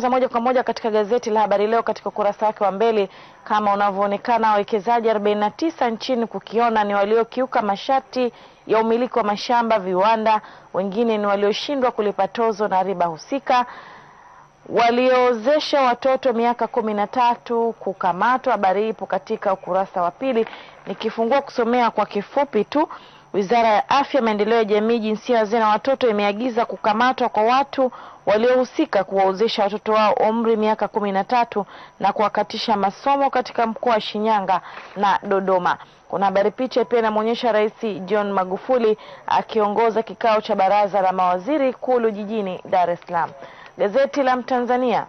tunaanza moja kwa moja katika gazeti la Habari Leo, katika ukurasa wake wa mbele kama unavyoonekana, wawekezaji 49 nchini kukiona ni waliokiuka masharti ya umiliki wa mashamba, viwanda, wengine ni walioshindwa kulipa tozo na riba husika, waliozesha watoto miaka kumi na tatu kukamatwa. Habari ipo katika ukurasa wa pili, nikifungua kusomea kwa kifupi tu. Wizara ya Afya, Maendeleo ya Jamii, Jinsia, Wazee na Watoto imeagiza kukamatwa kwa watu waliohusika kuwaozesha watoto wao umri miaka kumi na tatu na kuwakatisha masomo katika mkoa wa Shinyanga na Dodoma. Kuna habari, picha pia inamwonyesha Rais John Magufuli akiongoza kikao cha baraza la mawaziri Ikulu jijini Dar es Salaam. Gazeti la Mtanzania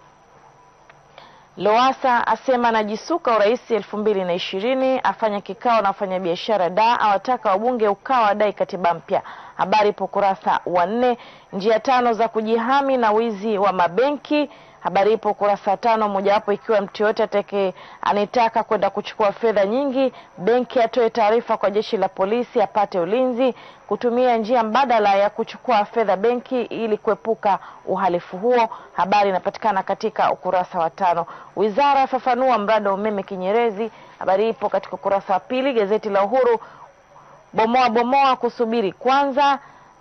Lowassa asema anajisuka urais elfu mbili na ishirini afanya kikao na wafanyabiashara da awataka wabunge ukawa wadai katiba mpya. Habari ipo kurasa wa nne. Njia tano za kujihami na wizi wa mabenki Habari ipo kurasa tano, mojawapo ikiwa mtu yoyote atake anitaka kwenda kuchukua fedha nyingi benki atoe taarifa kwa jeshi la polisi apate ulinzi, kutumia njia mbadala ya kuchukua fedha benki ili kuepuka uhalifu huo. Habari inapatikana katika ukurasa wa tano. Wizara yafafanua mradi wa umeme Kinyerezi. Habari ipo katika ukurasa wa pili. Gazeti la Uhuru bomoa bomoa kusubiri kwanza.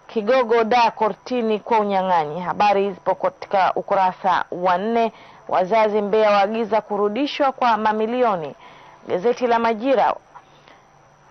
Kigogo da kortini kwa unyang'anyi. Habari zipo katika ukurasa wa nne. Wazazi Mbeya waagiza kurudishwa kwa mamilioni. Gazeti la Majira,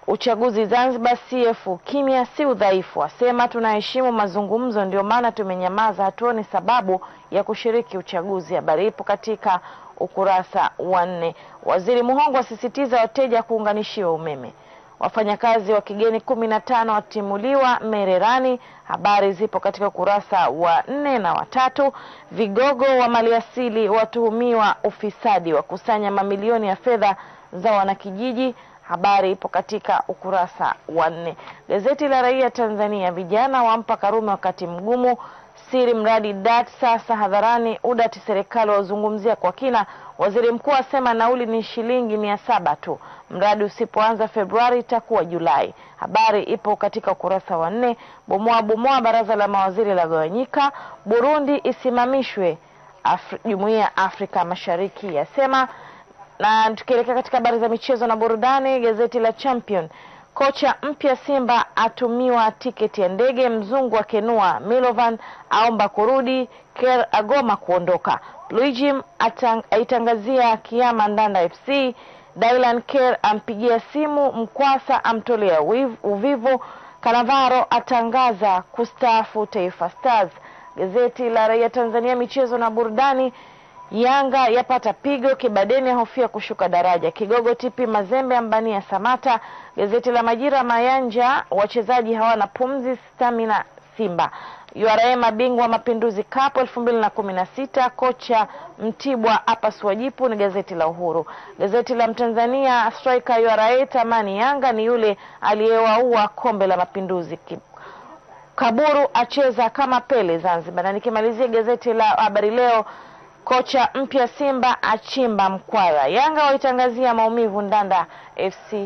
uchaguzi Zanzibar, CF kimya si udhaifu, asema tunaheshimu mazungumzo, ndio maana tumenyamaza, hatuoni sababu ya kushiriki uchaguzi. Habari ipo katika ukurasa wa nne. Waziri Muhongo asisitiza wateja kuunganishiwa umeme. Wafanyakazi wa kigeni kumi na tano watimuliwa Mererani. Habari zipo katika ukurasa wa nne na watatu. Vigogo wa maliasili watuhumiwa ufisadi wa kusanya mamilioni ya fedha za wanakijiji. Habari ipo katika ukurasa wa nne. Gazeti la Raia Tanzania, vijana wampa Karume wakati mgumu siri mradi DAT sasa hadharani. udati serikali wauzungumzia kwa kina. Waziri mkuu asema nauli ni shilingi mia saba tu. Mradi usipoanza Februari itakuwa Julai. Habari ipo katika ukurasa wa nne. Bomoa bomoa, baraza la mawaziri lagawanyika. Burundi isimamishwe jumuiya Afrika Mashariki yasema. Na tukielekea katika habari za michezo na burudani, gazeti la Champion Kocha mpya Simba atumiwa tiketi ya ndege. Mzungu akenua. Milovan aomba kurudi. Ker agoma kuondoka. Luigi aitangazia kiama Ndanda FC. Dylan Ker ampigia simu Mkwasa, amtolea uvivu. Kanavaro atangaza kustaafu Taifa Stars. Gazeti la Raia Tanzania michezo na burudani Yanga yapata pigo, Kibadeni hofia kushuka daraja, Kigogo TP Mazembe ambania Samata. Gazeti la Majira Mayanja, wachezaji hawana pumzi, stamina Simba. URA mabingwa mapinduzi Cup 2016 kocha Mtibwa hapa Swajipu, ni gazeti la Uhuru. Gazeti la Mtanzania, striker URA tamani Yanga ni yule aliyewaua kombe la mapinduzi Kaburu acheza kama Pele Zanzibar, na nikimalizia gazeti la Habari Leo Kocha mpya Simba achimba mkwara. Yanga waitangazia maumivu Ndanda FC.